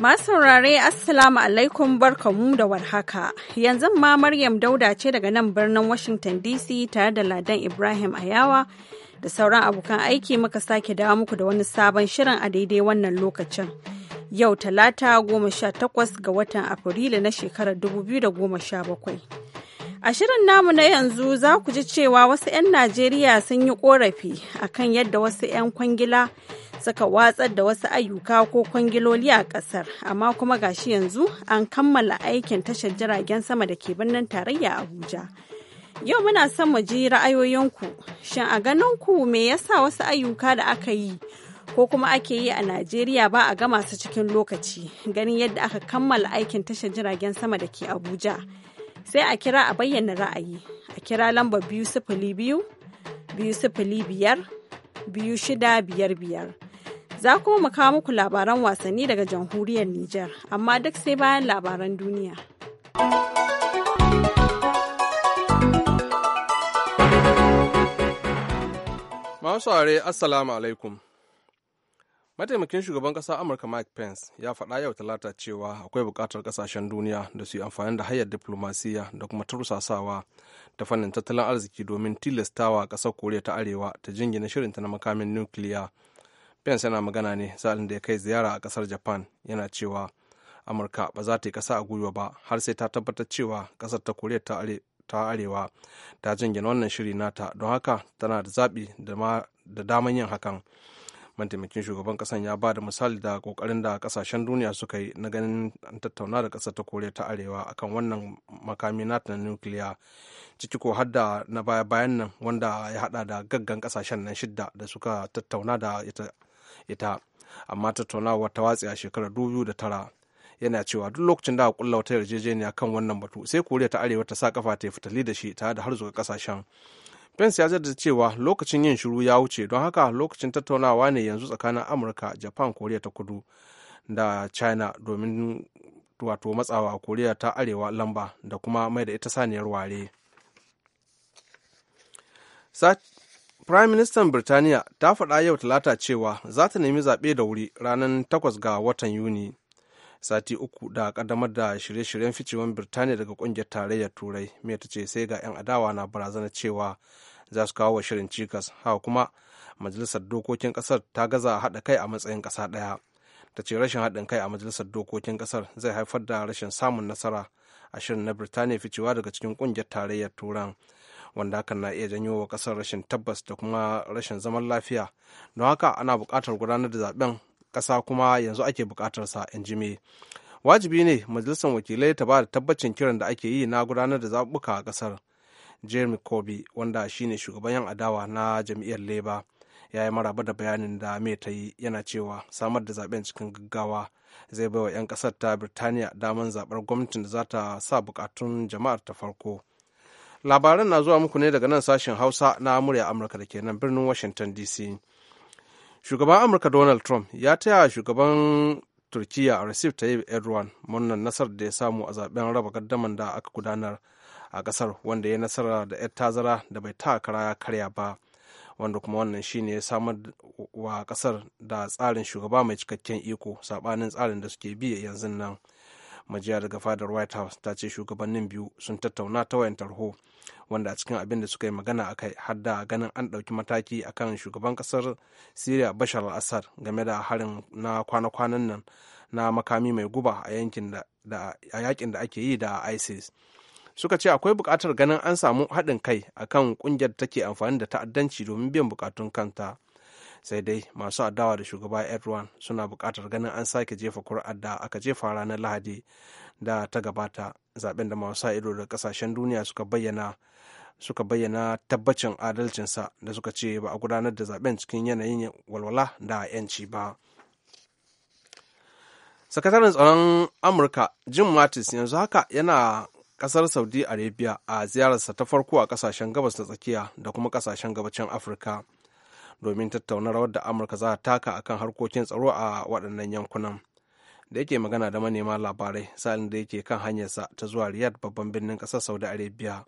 Masu saurare Assalamu alaikum barkamu da warhaka. Yanzu ma Maryam Dauda ce daga nan birnin Washington DC tare da Ladan Ibrahim Ayawa da sauran abokan aiki muka sake dawo muku da wani sabon shirin a daidai wannan lokacin. Yau talata goma sha takwas ga watan Afrilu na shekarar dubu biyu da goma sha bakwai. A shirin namu na yanzu za ku ji cewa wasu 'yan Najeriya sun yi korafi akan yadda wasu 'yan kwangila suka watsar da wasu ayyuka ko kwangiloli a ƙasar, amma kuma gashi yanzu an kammala aikin tashar jiragen sama da ke birnin tarayya abuja yau muna son mu ji ra'ayoyinku shin a ganin ku me yasa wasu ayyuka da aka yi ko kuma ake yi a najeriya ba a gama su cikin lokaci ganin yadda aka kammala aikin tashar jiragen sama da ke abuja sai a kira a bayyana ra'ayi a kira lambar biyu sifili biyu biyu sifili biyar biyu shida biyar biyar Za kuma mu kawo muku labaran wasanni daga jamhuriyar Nijar, amma duk sai bayan labaran duniya. Masu are Assalamu alaikum. Mataimakin shugaban ƙasa Amurka Mike Pence ya faɗa yau talata cewa akwai buƙatar ƙasashen duniya da su yi amfani da hayar diplomasiya da kuma tursasawa ta fannin tattalin arziki domin tilastawa ƙasar Koriya ta Arewa ta jingina shirinta na makamin nukiliya Pence yana magana ne sa'ilin da ya kai ziyara a kasar Japan yana cewa Amurka ba za ta yi kasa a gwiwa ba har sai ta tabbatar cewa ƙasar ta Koriya ta Arewa ta jingina wannan shiri nata don haka tana da zaɓi da daman yin hakan. Mataimakin shugaban ƙasan ya ba da misali da ƙoƙarin da ƙasashen duniya suka yi na ganin an tattauna da ƙasar ta Koriya ta Arewa akan wannan makami nata na nukiliya ciki ko har na baya-bayan nan wanda ya haɗa da gaggan ƙasashen nan shidda da suka tattauna da ita ita amma tattaunawa ta watse a shekarar dubu da tara yana cewa duk lokacin da aka kulla wata yarjejeniya kan wannan batu sai koriya ta arewa ta sa kafa ta yi fitali da shi tare da har zuwa kasashen pence ya jaddada cewa lokacin yin shiru ya wuce don haka lokacin tattaunawa ne yanzu tsakanin amurka japan koriya ta kudu da china domin wato matsawa koriya ta arewa lamba da kuma mai da ita saniyar ware Prime Ministan Birtaniya ta faɗa yau Talata cewa za ta nemi zaɓe da wuri ranar 8 ga watan Yuni. Sati uku da ƙaddamar da shirye-shiryen ficewan Birtaniya daga ƙungiyar tarayyar Turai, mai ta ce sai ga 'yan adawa na barazanar cewa za su kawo wa shirin cikas, haka kuma majalisar dokokin ƙasar ta gaza haɗa kai a matsayin ƙasa ɗaya. Ta ce rashin haɗin kai a majalisar dokokin ƙasar zai haifar da rashin samun nasara a shirin na Birtaniya ficewa daga cikin ƙungiyar tarayyar Turan. wanda hakan na iya janyo wa kasar rashin tabbas da kuma rashin zaman lafiya don haka ana buƙatar gudanar da zaben ƙasa kuma yanzu ake buƙatar sa in jime wajibi ne majalisar wakilai ta ba da tabbacin kiran da ake yi na gudanar da zaɓuka a ƙasar jeremy corbyn wanda shine shugaban yan adawa na jam'iyyar leba ya yi maraba da bayanin da mai ta yi yana cewa samar da zaben cikin gaggawa zai baiwa 'yan kasar ta birtaniya damar zaɓar gwamnatin da za ta sa bukatun jama'ar ta farko labaran na zuwa muku ne daga nan sashen hausa na murya amurka da ke nan birnin washington dc shugaban amurka donald trump ya taya shugaban turkiya recep tayyip erdogan murnar nasarar da ya samu a zaben raba gardaman da aka gudanar a kasar wanda ya nasara da 'yar tazara da bai ta kara karya ba wanda kuma wannan shine ya samar wa kasar da tsarin shugaba mai cikakken iko sabanin tsarin da suke bi yanzu nan. majiya daga fadar white house ta ce shugabannin biyu sun tattauna ta wayan tarho wanda a cikin abin da suka yi magana a kai har da ganin an ɗauki mataki a kan shugaban ƙasar syria bashar al-assad game da harin na kwana-kwanan nan na makami mai guba a yakin da ake yi da isis suka ce akwai buƙatar ganin an samu haɗin kai akan ƙungiyar take amfani da ta'addanci domin biyan buƙatun kanta sai dai masu adawa da shugaba erdogan suna buƙatar ganin an sake jefa kuri'ar da aka jefa ranar lahadi da ta gabata zaben da masu ido da ƙasashen duniya suka bayyana suka bayyana tabbacin adalcinsa da suka ce ba a gudanar da zaben cikin yanayin walwala da 'yanci ba sakataren tsaron amurka jim mattis yanzu haka yana kasar saudi arabia a ziyararsa ta farko a kasashen gabas ta tsakiya da kuma kasashen gabacin afirka domin tattaunawar da amurka za ta taka akan harkokin tsaro a waɗannan yankunan da yake magana da manema labarai salin da yake kan hanyarsa ta zuwa riyad babban birnin ƙasar saudi arabia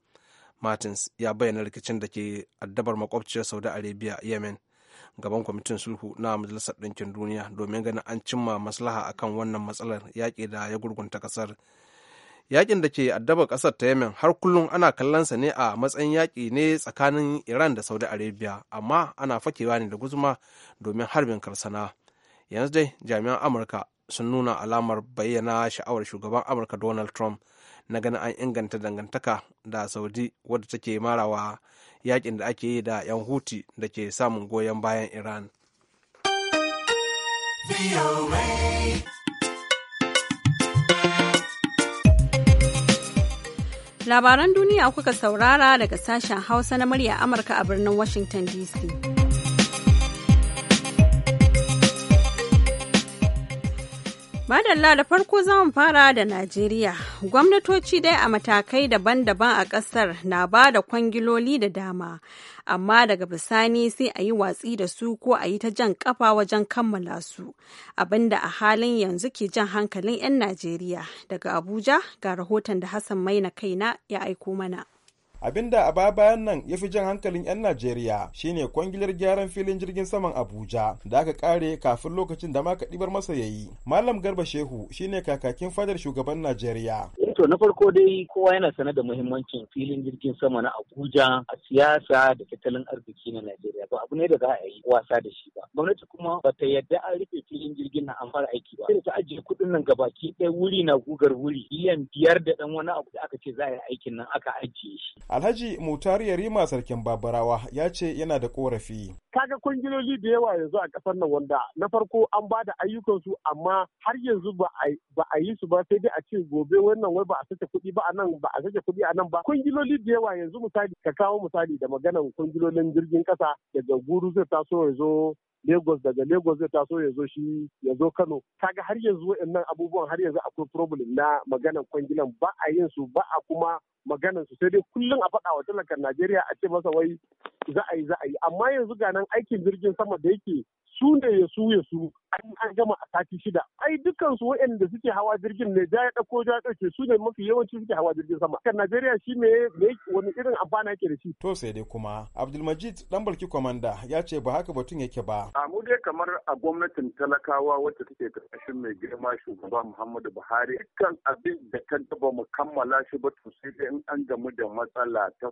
martins ya bayyana rikicin da ke addabar makwabciyar saudi arabia yemen gaban kwamitin sulhu na majalisar ɗinkin duniya domin ganin an cimma maslaha akan wannan matsalar yaƙi da ya gurgunta ƙasar yakin da ke addaba kasar ta yemen har kullum ana kallonsa ne a matsayin yaƙi ne tsakanin iran da saudi arabia amma ana fakewa ne da guzuma domin harbin karsana yanzu dai jami'an amurka sun nuna alamar bayyana sha'awar shugaban amurka donald trump na ganin an inganta dangantaka da saudi wadda take marawa yakin da ake yi da yan huti da ke samun goyon bayan iran Labaran duniya kuka saurara daga sashen Hausa na murya Amurka a birnin Washington DC. Madalla da farko zamu fara da Najeriya. Gwamnatoci dai a matakai daban-daban a ƙasar na ba da kwangiloli da dama. amma daga bisani sai a yi watsi da su ko a yi ta jan kafa wajen kammala su abinda a halin yanzu ke jan hankalin 'yan najeriya daga abuja ga rahoton da hassan maina kaina ya aiko mana abinda a baya bayan nan ya fi jan hankalin 'yan najeriya shine kwangilar gyaran filin jirgin saman abuja da aka kare kafin lokacin da maka ɗibar masa ya yi malam garba shehu shine kakakin fadar shugaban najeriya eh to na farko dai kowa yana sane da muhimmancin filin jirgin sama na abuja a siyasa da tattalin arziki na najeriya ba abu ne da za a yi wasa da shi ba gwamnati kuma ba ta yadda an rufe filin jirgin na an fara aiki ba sai ta ajiye kuɗin nan gabaki ɗaya wuri na gugar wuri biliyan biyar da ɗan wani abu da aka ce za a yi aikin nan aka ajiye shi Alhaji Mutari Yarima Sarkin Babarawa ya ce yana da korafi. Kaga kungiyoyi da yawa yanzu a ƙasar nan wanda na farko an ba da ayyukansu amma har yanzu ba a yi su ba sai dai a ce gobe wannan wai ba a sace kuɗi ba a nan ba a sace kuɗi a nan ba. Kungiyoyi da yawa yanzu misali ka kawo misali da maganan kungiyoyin jirgin ƙasa daga guru zai taso ya Lagos daga Lagos zai taso ya zo shi ya zo Kano kaga har yanzu waɗannan abubuwan har yanzu akwai problem na maganan kwangilan ba a yin su ba a kuma maganan su sai dai kullum a faɗa wa talakar Najeriya a ce masa wai za a yi za a yi amma yanzu ga nan aikin jirgin sama da yake su ne ya su ya su an gama a sati shida ai dukkan su waɗanda suke hawa jirgin ne ja ya ɗauko ja ya ɗauke su ne mafi yawanci suke hawa jirgin sama kan Najeriya shi ne wani irin amfana yake da shi to sai dai kuma Abdulmajid dan barki komanda ya ce ba haka batun yake ba a mu dai kamar a gwamnatin talakawa wacce take karkashin mai girma shugaba Muhammadu Buhari dukkan abin da kan taba mu kammala shi ba to sai in an gamu da matsala ta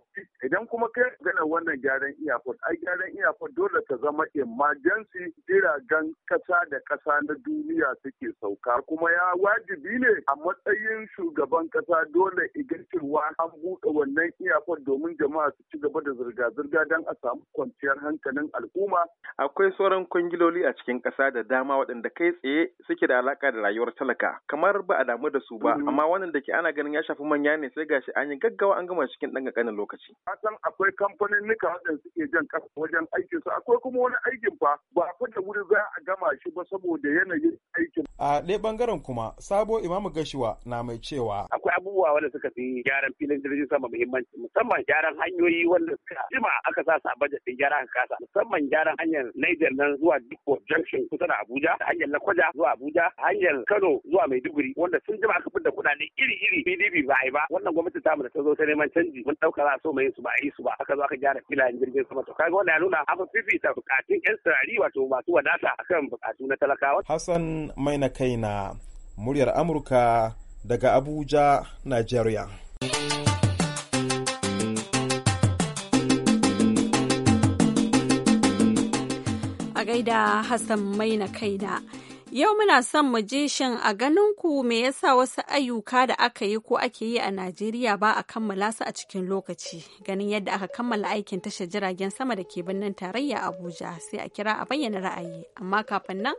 idan kuma kai gana wannan gyaran iyakon ai gyaran iyakon dole ta zama emergency jiragen kasa da da ƙasa na duniya suke sauka kuma ya wajibi ne a matsayin shugaban ƙasa dole idan cewa an buɗe wannan iyakar domin jama'a su ci gaba da zirga-zirga don a samu kwanciyar hankalin al'umma. Akwai sauran kwangiloli a cikin ƙasa da dama waɗanda kai tsaye suke da alaƙa da rayuwar talaka kamar ba a damu da su ba mm-hmm. amma wannan da ke ana ganin ya shafi manya ne sai gashi an yi gaggawa an gama cikin ɗan ƙanƙanin lokaci. san akwai kamfanin nika waɗanda suke jan ƙasa wajen aikinsu akwai kuma wani aikin fa ba a da wuri za a gama shi ba saboda yanayin aikin. A ɗaya bangaren kuma sabo imamu gashiwa na mai cewa. Akwai abubuwa wanda suka fi gyaran filin jirgin sama muhimmanci musamman gyaran hanyoyi wanda suka jima aka sa sa bajet ɗin gyara aka kasa musamman gyaran hanyar Niger nan zuwa Dikko Junction kusa da Abuja hanyar Lakwaja zuwa Abuja hanyar Kano zuwa Maiduguri wanda sun jima aka fidda kuɗaɗe iri-iri PDP ba a yi ba wannan gwamnati ta da ta zo ta neman canji mun ɗauka za so mai su ba a yi su ba aka zo aka gyara filayen jirgin sama to kaga wanda ya nuna an fifita bukatun 'yan sirari wato masu wadata akan bukatu na talakawa. Hassan Maina Kaina, muryar Amurka daga Abuja, Nigeria. A gaida Hassan Maina Kaina. Yau muna son mu ji shin a ganin ku me yasa wasu ayyuka da aka yi ko ake yi a Najeriya ba a kammala su a cikin lokaci ganin yadda aka kammala aikin tashar jiragen sama da ke birnin tarayya Abuja sai a kira a bayyana ra'ayi amma kafin nan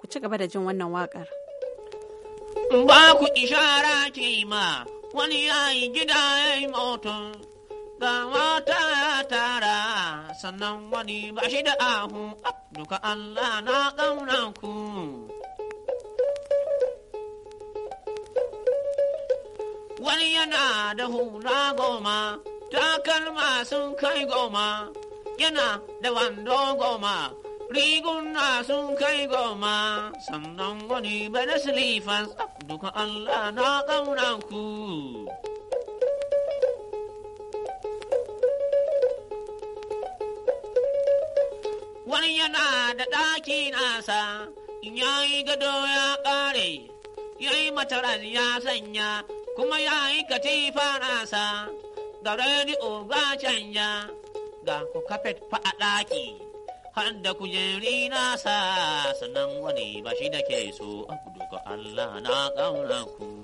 ku ci gaba da jin wannan wakar Ba ku ishara ke ma wani yayi gida ya yi ga mata tara sannan wani ba shi da ahu duka Allah na ƙauna ku. Wani yana da hula goma, takalma sun kai goma, yana da wando goma, riguna sun kai goma, sannan wani ba da silifas duka Allah na ƙauna ku. har yana da ɗaki nasa, ya yi gado ya ƙare, ya yi mataran ya sanya, kuma ya yi katifa nasa, ga rediyo ba canja, ga ku kafet fa a ɗaki, har da kujeri nasa, sannan wani ba shi da ke so, abu duka Allah na ƙaunar ku.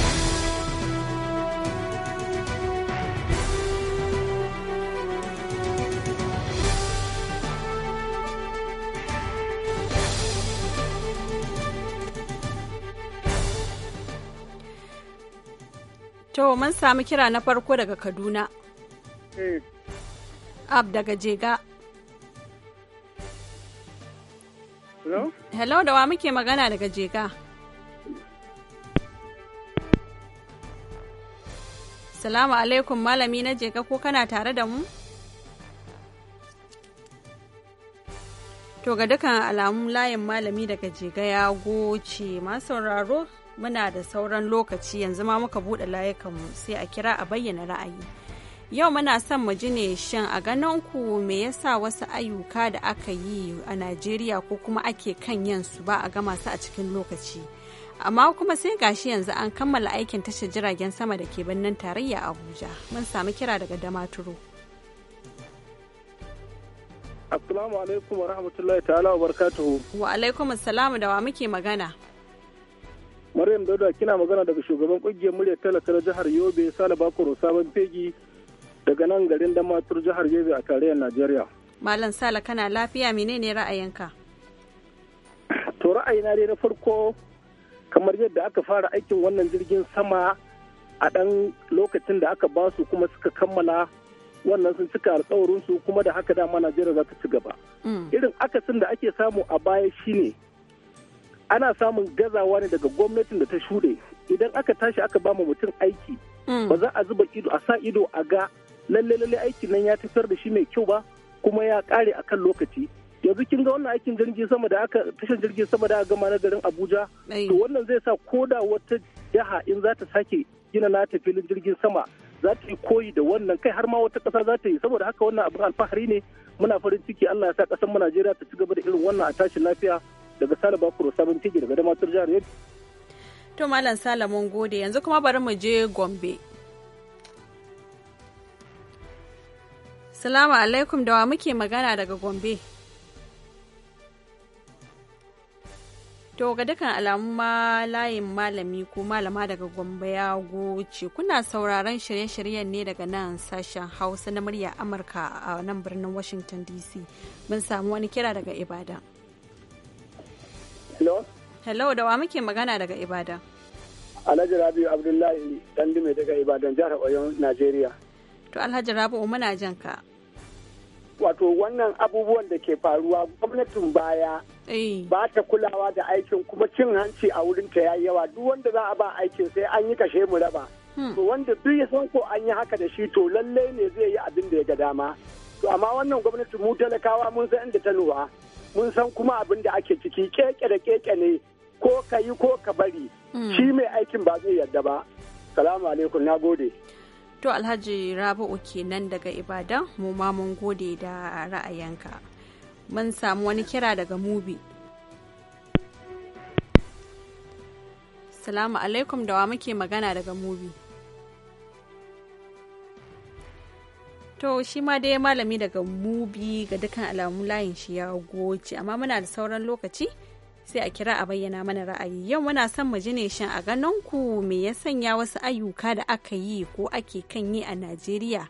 To mun samu kira na farko daga Kaduna. Hmm. Ab daga Jega. Hello? Hello da wa muke magana daga Jega. Salamu alaikum malami na Jega ko kana tare da mu? To ga dukan alamun layin malami daga Jega ya goce masu sauraro muna da sauran lokaci yanzu ma muka buɗe layukanmu sai a kira a bayyana ra'ayi. Yau muna son mu ji ne shin a ganin ku me yasa wasu ayyuka da aka yi a Najeriya ko kuma ake kan yin su ba a gama su a cikin lokaci. Amma kuma sai gashi yanzu an kammala aikin tashar jiragen sama da ke birnin tarayya Abuja. Mun samu kira daga Damaturu. Assalamu alaikum wa rahmatullahi ta'ala wa barakatuhu. Wa alaikum assalamu da wa muke magana. Maryam Dauda kina magana daga shugaban kungiyar murya talaka na jihar Yobe Sale Bakoro Sabon Fegi daga nan garin Damatur jihar Yobe a tarayyar Najeriya. Malam Sale kana lafiya menene ra'ayinka? To ra'ayina dai na farko kamar yadda aka fara aikin wannan jirgin sama a ɗan lokacin da aka ba su kuma suka kammala wannan sun cika alkawarinsu kuma da haka dama Najeriya za ta ci gaba. Mm. Irin akasin da ake samu a baya shine ana samun gazawa ne daga gwamnatin da ta shuɗe idan aka tashi aka ba mutum aiki mm. ba za a zuba ido a sa ido a ga lalle lalle aikin nan ya tafiyar da shi mai kyau ba kuma ya kare akan lokaci yanzu kin ga wannan aikin jirgin sama da aka tashin jirgin sama da aka gama na garin Abuja to wannan zai sa ko da wata jiha in za ta sake gina nata filin jirgin sama za ta yi koyi da wannan kai har ma wata ƙasa za ta yi saboda haka wannan abin alfahari ne muna farin ciki Allah ya sa ƙasar mu Najeriya ta ci gaba da irin wannan a tashin lafiya daga Sale kuro Sabon Tigi daga damatar Jihar Yobe. To Malam Salamun gode yanzu kuma bari mu je Gombe. Salamu alaikum da wa muke magana daga Gombe. To ga dukkan alamu ma layin malami ko malama daga Gombe ya goce kuna sauraron shirye-shiryen ne daga nan sashen Hausa na murya Amurka a nan birnin Washington DC. Mun samu wani kira daga Ibadan. Hello, da wa muke magana daga Ibadan? Alhaji Rabi'u Abdullahi dume daga Ibadan jihar Oyo, Najeriya. To Alhaji Rabi'u muna jan ka. Wato wannan abubuwan da ke faruwa gwamnatin baya eh. ba ta kulawa da aikin kuma cin hanci a wurin ta yayi yawa duk wanda za a ba aikin sai an yi kashe mu raba. Hmm. To wanda duk ya san ko an yi haka da shi to lallai ne zai yi abin da ya ga dama. To amma wannan gwamnati mu talakawa mun san inda ta nuwa. mun san kuma abin da ake ciki keke da keke ne ko ka yi ko ka bari hmm. shi mai aikin ba zai yarda ba salamu alaikum na gode to alhaji rabu'u kenan daga ibadan mu ma mun gode da ra'ayinka mun samu wani kira daga mubi salamu alaikum da wa muke magana daga mubi To shi ma dai malami daga mubi ga dukkan alamu layin shi ya goce amma muna da sauran lokaci sai a kira a bayyana mana ra'ayi yau muna son mu ji ne shin a ganin ku me ya sanya wasu ayyuka da aka yi ko ake kan yi a Najeriya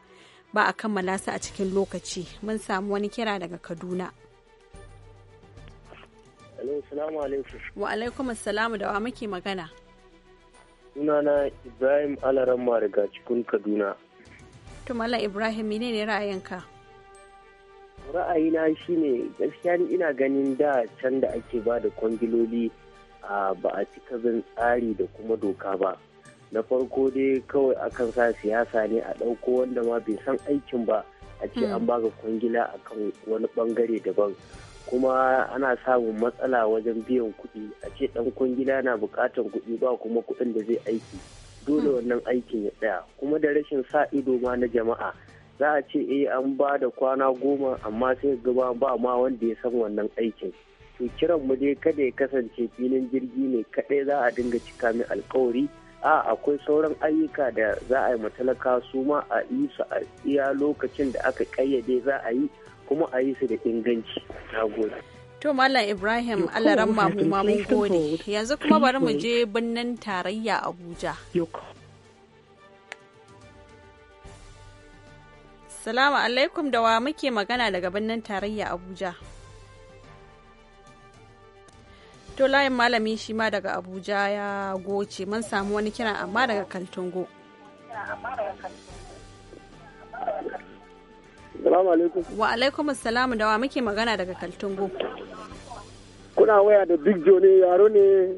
ba a kammala su a cikin lokaci mun samu wani kira daga Kaduna. Wa alaikum assalamu da wa muke magana. Sunana Ibrahim Alaramma daga cikin Kaduna. to ibrahim ne ne ra'ayinka ra'ayina shine gaskiya ni ina ganin da can da ake ba da kwangiloli ba a cika bin tsari da kuma doka ba na farko dai kawai akan sa siyasa ne a ɗauko wanda ma bai san aikin ba a ce an hmm. ba ga kwangila a kan wani ɓangare daban kuma ana samun matsala wajen biyan kuɗi a ce ɗan kwangila na buƙatar kuɗi ba kuma kuɗin da zai aiki dole wannan aikin ya tsaya kuma da rashin sa ido ma na jama'a za a ce eh an ba da kwana goma amma sai gaba ba ma wanda ya san wannan aikin to kiran mu dai kada ya kasance filin jirgi ne kadai za a dinga cika min alkawari a akwai sauran ayyuka da za a yi matalaka su ma a yi su a iya lokacin da aka kayyade za a yi kuma a yi su da inganci na To Malam Ibrahim Allah mu mamu gode. Yanzu kuma bari mu je birnin tarayya Abuja. Salamu alaikum da wa muke magana daga birnin tarayya Abuja. To layin malami shi ma daga Abuja ya goce mun samu wani kiran amma daga Kaltungo. amma daga Kaltungo. Salamu alaikum. Wa alaikum assalamu da wa muke magana daga Kaltungo. Kuna waya da Big Joe ne yaro ne.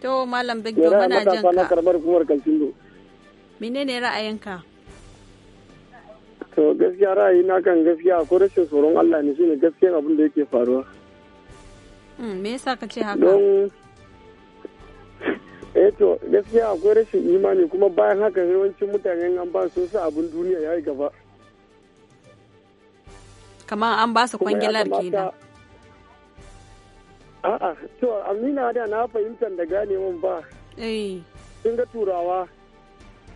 To Malam Big Joe muna jin ka. Yana karamar kumar Kaltungo. ne ra'ayinka? To gaskiya ra'ayi na kan gaskiya ko rashin tsoron Allah ne shine gaskiya abin da yake faruwa. Hmm, me yasa ka ce haka? eh to gaskiya akwai rashin imani kuma bayan haka yawancin mutanen an ba su su abin duniya ya yi gaba kamar an ba su kwangilar kenan a'a to amina da na fahimtar da mun ba eh sun ga turawa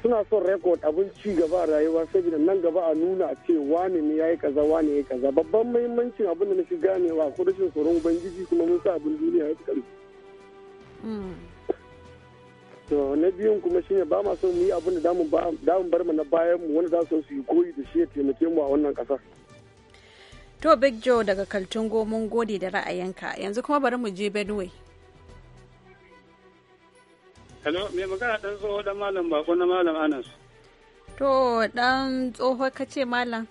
suna son rekod abin ci gaba rayuwa saboda nan gaba a nuna a ce wane ne yayi kaza wane yayi kaza babban muhimmancin abin da na shi ganewa ko rashin tsoron ubangiji kuma mun sa abin duniya ya fi to na biyun kuma shine ba ma son mu yi abin da damun bar mu na bayan mu wanda za su yi koyi da shi ya taimake mu a wannan kasar to big joe daga kaltungo mun gode da ra'ayinka yanzu kuma bari mu je benue hello mai magana dan tsoho dan malam ko na malam anas to dan tsoho ka ce malam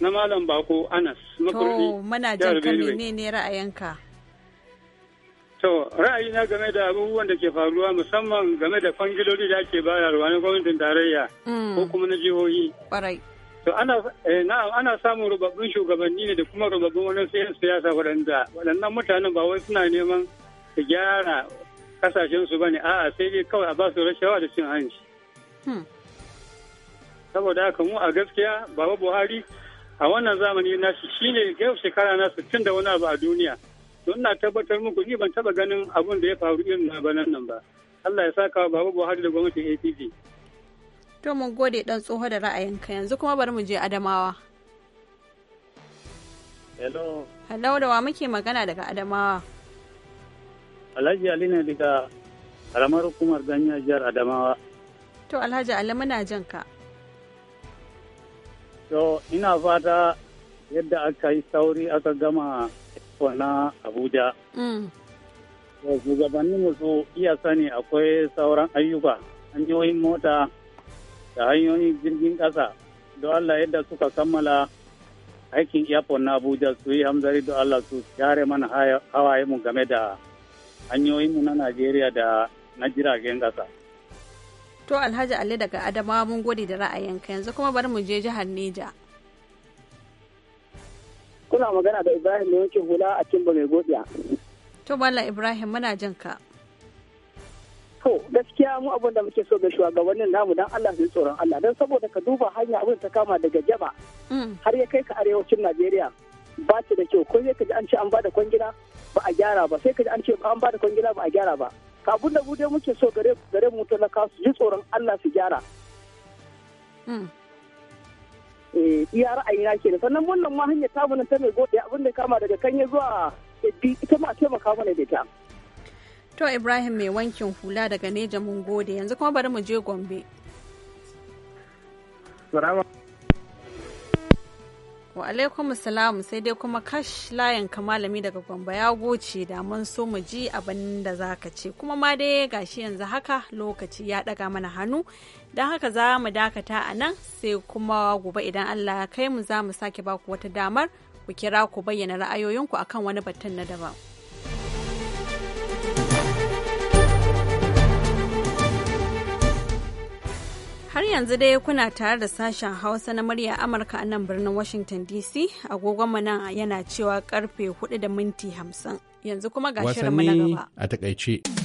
na malam ko anas to muna jan ka menene ra'ayinka To ra'ayi na game da abubuwan da ke faruwa musamman game da kwangiloli da ake bayarwa na gwamnatin tarayya mm. ko kuma na jihohi. To ana eh, samun rubabbin shugabanni ne da kuma rubabbin wani siyasa waɗanda waɗannan mutanen ba wai suna neman su gyara ƙasashensu ba ne a'a sai dai kawai a ba su rashawa da cin hanci. Hmm. Saboda haka mu a gaskiya Baba Buhari a wannan zamani nashi shine yau shekara na sittin da wani abu a duniya. don na tabbatar muku ni ban taba ganin abun da ya faru irin na banan nan ba Allah ya saka babu Buhari da gwamnatin APC to mun gode dan tsoho da ra'ayinka yanzu kuma bari mu je Adamawa hello hello da wa muke magana daga Adamawa Alhaji Ali ne daga karamar hukumar ganya jihar Adamawa to Alhaji Ali muna jin ka to ina fata yadda aka yi sauri aka gama kwana na abuja mm. shugabannin su iya sani akwai sauran ayyuka hanyoyin mota da hanyoyin jirgin ƙasa don allah yadda suka kammala aikin airport na abuja su yi hamzari don allah su share mana hawaye mu game da hanyoyinmu na najeriya da na jiragen ƙasa to alhaji ali daga adamawa mun gode da ra'ayinka yanzu kuma bari mu je jihar neja kuna magana da Ibrahim ne wankin hula a Kimba mai godiya. To Bala Ibrahim muna jin ka. To gaskiya mu abin da muke so ga shugabannin namu dan Allah su tsoron Allah dan saboda ka duba hanya abin ta kama daga Jaba mm. har ya kai ka arewacin Najeriya ba ta da kyau ko sai ka ji an ce an bada kwangila ba a gyara ba sai ka ji an ce an bada kwangila ba a gyara ba. Ka abin da mu muke so gare gare mu talaka su ji tsoron Allah su gyara. Mm. Eh, iya ra'ayi na kenan sannan wannan ma hanyar ta ta mai gode abin da kama daga kanye zuwa ita ma taimaka mana da ta. To Ibrahim mai wankin hula daga Neja mun gode yanzu kuma bari mu je Gombe. Salamu Wa alaikum salam sai dai kuma kash layan ka malami daga Gwamba ya goce da mun so mu ji abin da za ka ce kuma ma dai gashi yanzu haka lokaci ya daga mana hannu don haka za mu dakata a nan sai kuma gobe idan Allah ya kai mu za mu sake baku wata damar ku kira ku bayyana ra'ayoyinku akan wani batun na daban. Har yanzu dai kuna tare da sashen Hausa na murya Amurka a nan birnin Washington DC, agogonmu nan yana cewa karfe 4 da minti 50. Yanzu kuma ga shirinmu na gaba. a takaice.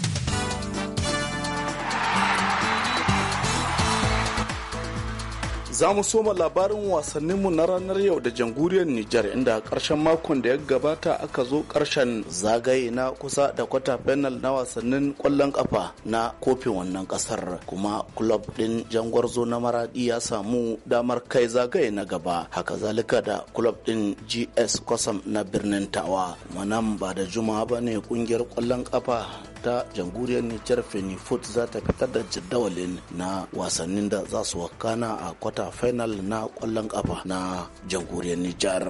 Za mu soma labarin wasanninmu na ranar yau da janguriyar Nijar inda ƙarshen makon da ya gabata aka zo ƙarshen zagaye na kusa da kwata penal na wasannin ƙwallon ƙafa na kofin wannan ƙasar kuma kulob ɗin jangwarzo na maraɗi ya samu damar kai zagaye na gaba haka zalika da kulob ɗin GS Kwasam na birnin Tawa. Manan ba da juma'a ba ne ƙungiyar ƙwallon ƙafa ta jamhuriyar Nijar Fenifut za ta fitar da jadawalin na wasannin da za su wakana a kwata final na kwallon kafa na jamhuriyar Nijar.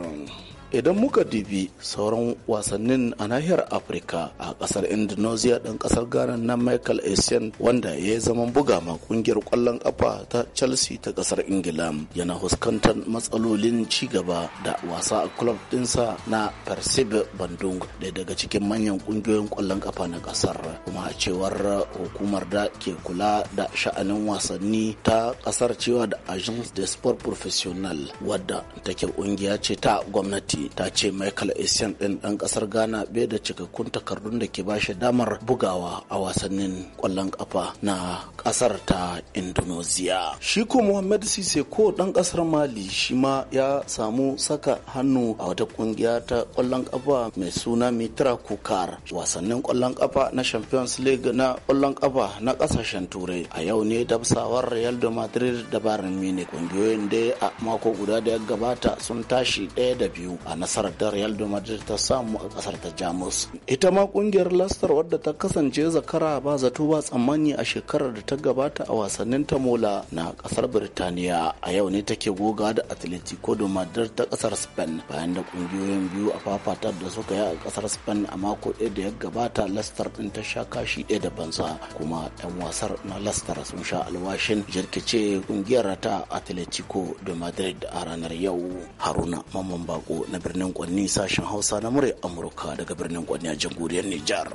idan muka dubi sauran wasannin a nahiyar afirka a kasar indonesia ɗan kasar ghana na michael essien wanda ya yi zaman buga ma kungiyar kwallon kafa ta chelsea ta kasar ingila yana fuskantar matsalolin ci gaba da wasa a club dinsa na persib bandung da daga cikin manyan kungiyoyin kwallon kafa na kasar kuma a cewar hukumar da ke kula da sha'anin wasanni ta kasar cewa da agence de sport professional wadda take kungiya ce ta gwamnati ta ce michael essien ɗin ɗan ƙasar ghana bai da cikakkun takardun da ke ba shi damar bugawa a wasannin ƙwallon ƙafa na ƙasar ta indonesia shi ko muhammad ko ɗan ƙasar mali shi ma ya samu saka hannu a wata ƙungiya ta ƙwallon ƙafa mai suna mitra kukar wasannin ƙwallon ƙafa na champions league na ƙwallon ƙafa na ƙasashen turai a yau ne dabsawar real de madrid da bayern munich ƙungiyoyin dai a mako guda da ya gabata sun tashi ɗaya da biyu a nasarar da Real Madrid ta samu a kasar ta Jamus. Ita ma kungiyar Leicester wadda ta kasance zakara ba zato ba tsammani a shekarar da ta gabata a wasannin ta mola na kasar Birtaniya a yau ne take goga da Atletico de Madrid ta kasar Spain bayan da kungiyoyin biyu a fafatar da suka yi a kasar Spain a mako ɗaya da ya gabata Leicester din ta sha kashi ɗaya da banza kuma ɗan wasar na Leicester sun sha alwashin jirkice kungiyar ta Atletico de Madrid a ranar yau Haruna Mamman Bako na birnin Kwanni sashen Hausa na murai Amurka daga birnin Kwanni a jamhuriyar Nijar.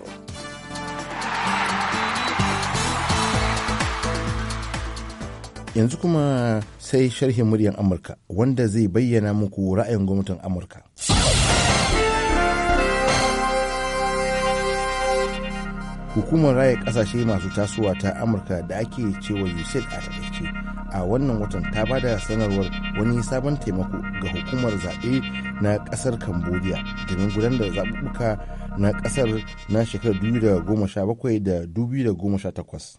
Yanzu kuma sai sharhin muryan Amurka wanda zai bayyana muku ra'ayin gwamnatin Amurka. Hukumar raya kasashe masu tasowa ta Amurka da ake cewa USAID a takaice a wannan watan ta bada sanarwar wani sabon taimako ga hukumar zaɓe na kasar cambodia domin gudanar da zaɓuɓɓuka na kasar na shekarar 2017 da 2018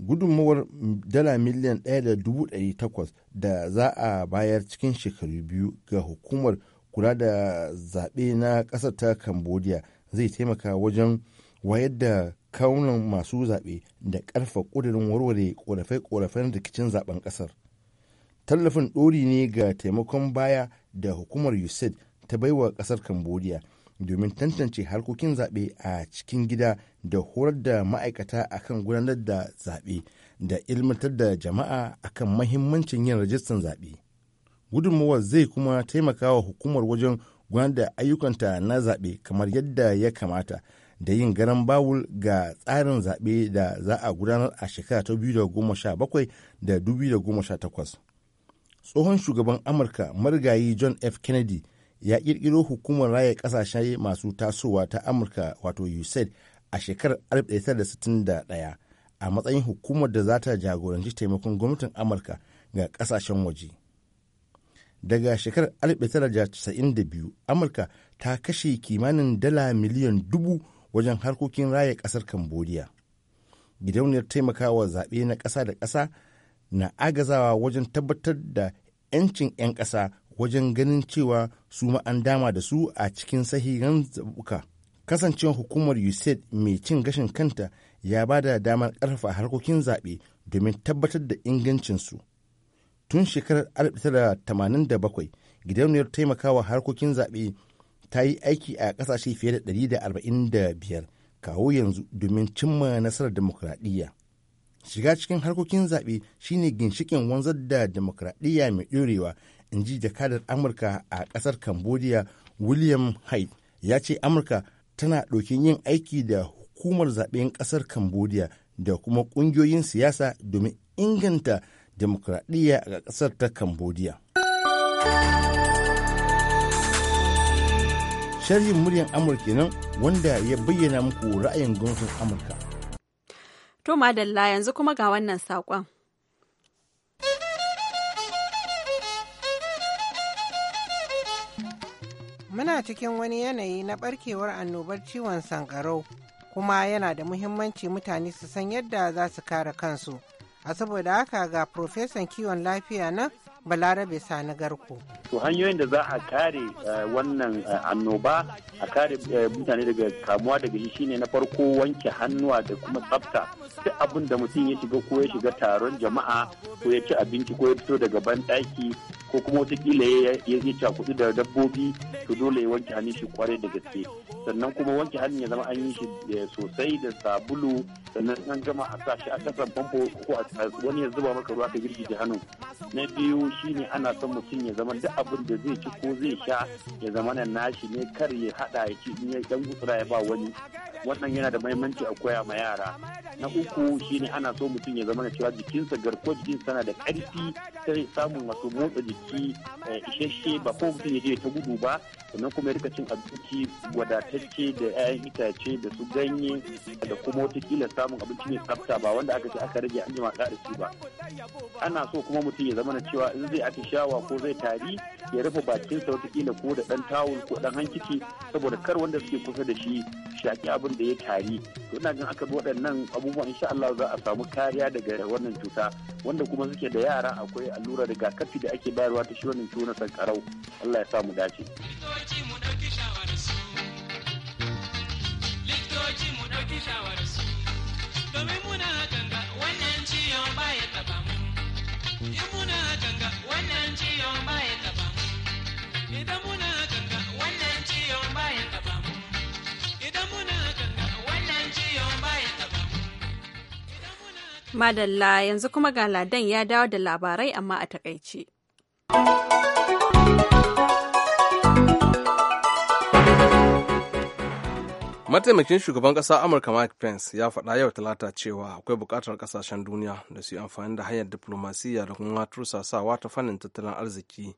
gudunmawar dala miliyan 1.8 da za a bayar cikin shekaru biyu ga hukumar kula da zaɓe na ƙasar ta cambodia zai taimaka wajen wayar da kaunan masu zaɓe da ƙarfa ƙudurin warware ƙorafe-ƙorafen rikicin zaɓen ƙasar tallafin ɗori ne ga taimakon baya da hukumar usaid ta baiwa kasar cambodia domin tantance harkokin zaɓe a cikin gida da horar da ma'aikata akan gudanar da zaɓe da ilmantar da jama'a akan mahimmancin yin rajistan zaɓe. Gudunmawar zai kuma taimaka wa hukumar wajen gudanar da ayyukanta na zaɓe kamar yadda ya kamata da yin garan bawul ga tsarin zaɓe da za a gudanar a shekara ta 2017 da 2018. tsohon shugaban amurka marigayi john f kennedy ya kirkiro hukumar raya kasashe masu tasowa ta amurka wato usaid a shekarar 1961 a matsayin hukumar da za ta jagoranci taimakon gwamnatin amurka ga kasashen waje daga shekarar 1992 amurka ta kashe kimanin dala miliyan dubu wajen harkokin raya kasar cambodia gidauniyar taimakawa zaɓe na ƙasa da ƙasa na agazawa wajen tabbatar da 'yancin 'yan ƙasa wajen ganin cewa su ma'an an dama da su a cikin sahihan zabuka. Kasancewar hukumar USAID mai cin gashin kanta ya ba da damar ƙarfafa harkokin zaɓe domin tabbatar da ingancinsu. Tun shekarar 1987, gidauniyar taimakawa harkokin zaɓe ta yi aiki a ƙasashe fiye da 145 kawo yanzu domin cimma nasarar demokuraɗiyya. shiga cikin harkokin zaɓe shine ginshikin wanzar da demokradiyya mai ɗorewa in ji jakadar amurka a ƙasar cambodia william hyde ya ce amurka tana ɗokin yin aiki da hukumar zaɓen ƙasar cambodia da kuma ƙungiyoyin siyasa domin inganta demokradiyya a ƙasar ta cambodia sharhin muryan amurka nan wanda ya bayyana muku ra'ayin gwamnatin amurka To madalla yanzu kuma ga wannan saƙon. Muna cikin wani yanayi na ɓarkewar annobar ciwon sankarau kuma yana da muhimmanci mutane su san yadda za su kare kansu. A saboda haka ga Profesan kiwon lafiya na Balarabe Sani Garko. to hanyoyin da za a kare eh, wannan eh, annoba a kare eh, mutane daga kamuwa daga shi shine na farko wanke hannuwa da kuma tsafta duk abin da mutum ya shiga ko ya shiga taron jama'a ko ya ci abinci ko ya fito daga banɗaki ko kuma kila ya ci kuɗi da dabbobi to dole ya wanke hannun shi kwarai da gaske sannan kuma wanke hannun ya zama an yi shi eh, sosai da sabulu sannan an gama a sa shi a kasan famfo ko wani ya zuba maka ruwa ka girgije hannu na biyu shine ana son mutum ya zama duk abin da zai ci ko zai sha ya zama na nashi ne kar ya hada ya ci in ya dan gutsura ya ba wani wannan yana da mahimmanci a koya ma yara na uku shine ana so mutum ya zama na cewa jikinsa garko jikin sana da karfi sai samun wasu motsa jiki eh, isasshe ba ko mutum ya je ta gudu ba sannan kuma ya cin abinci wadatacce da 'ya'yan itace da su ganye da kuma watakila samun abinci mai tsafta ba wanda aka ce aka rage an jima da shi ba ana so kuma mutum ya zama na cewa in zai shawa ko zai tari ya rufe bakinsa watakila ko da dan tawul ko dan hankici saboda kar wanda suke kusa da shi shaki abin da ya tari to ina gan aka bi waɗannan abubuwan insha Allah za a samu kariya daga wannan cuta wanda kuma suke da yara akwai allurar rigakafi da ake bayarwa ta shi wannan ciwo sankarau Allah ya sa mu dace. Madalla yanzu kuma ga ladan ya dawo da labarai amma a takaice. mataimakin shugaban ƙasa amurka mike pence ya faɗa yau talata cewa akwai buƙatar ƙasashen duniya da su yi amfani da hanyar diplomasiyya da kuma tursasawa ta fannin tattalin arziki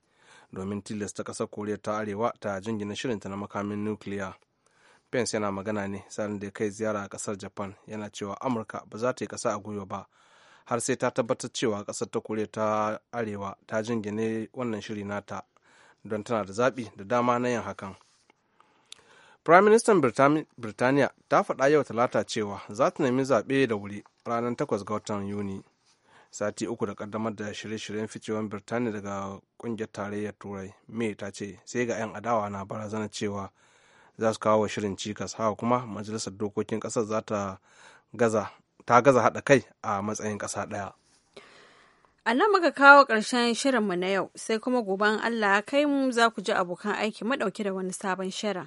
domin tilasta ƙasar koriya ta arewa ta jingina shirinta na makamin nukiliya pence yana magana ne sa'in da ya kai ziyara a ƙasar japan yana cewa amurka ba za ta yi ƙasa a gwiwa ba har sai ta tabbatar cewa ƙasar ta koriya ta arewa ta jingine wannan shiri nata don tana da zaɓi da dama na yin hakan Firaministan Birtaniya ta faɗa yau Talata cewa za ta nemi zaɓe da wuri ranar 8 ga watan Yuni. Sati uku da kaddamar da shirye-shiryen ficewar Birtaniya daga ƙungiyar tarayyar Turai, May ta ce sai ga 'yan adawa na barazana cewa za su kawo shirin cikas hawa kuma majalisar dokokin ƙasar za ta gaza haɗa kai a matsayin ƙasa ɗaya. A nan muka kawo ƙarshen shirinmu na yau sai kuma gobe Allah kai mu za ku ji abokan aiki madauki da wani sabon shirin.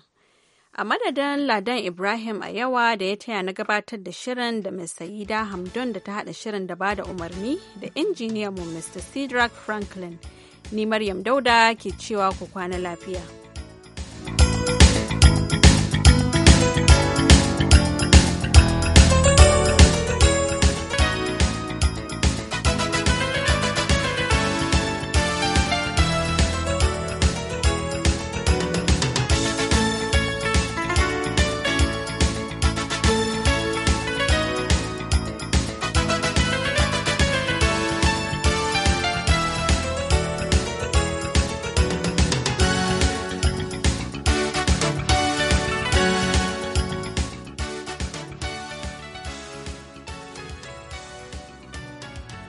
A madadin Ladan Ibrahim a yawa da ya taya na gabatar da shirin da Ms. Saida Hamdun da ta haɗa shirin da bada umarni da injiniyanmu Mr. Cedric Franklin. Ni Maryam Dauda ke cewa ku kwana lafiya.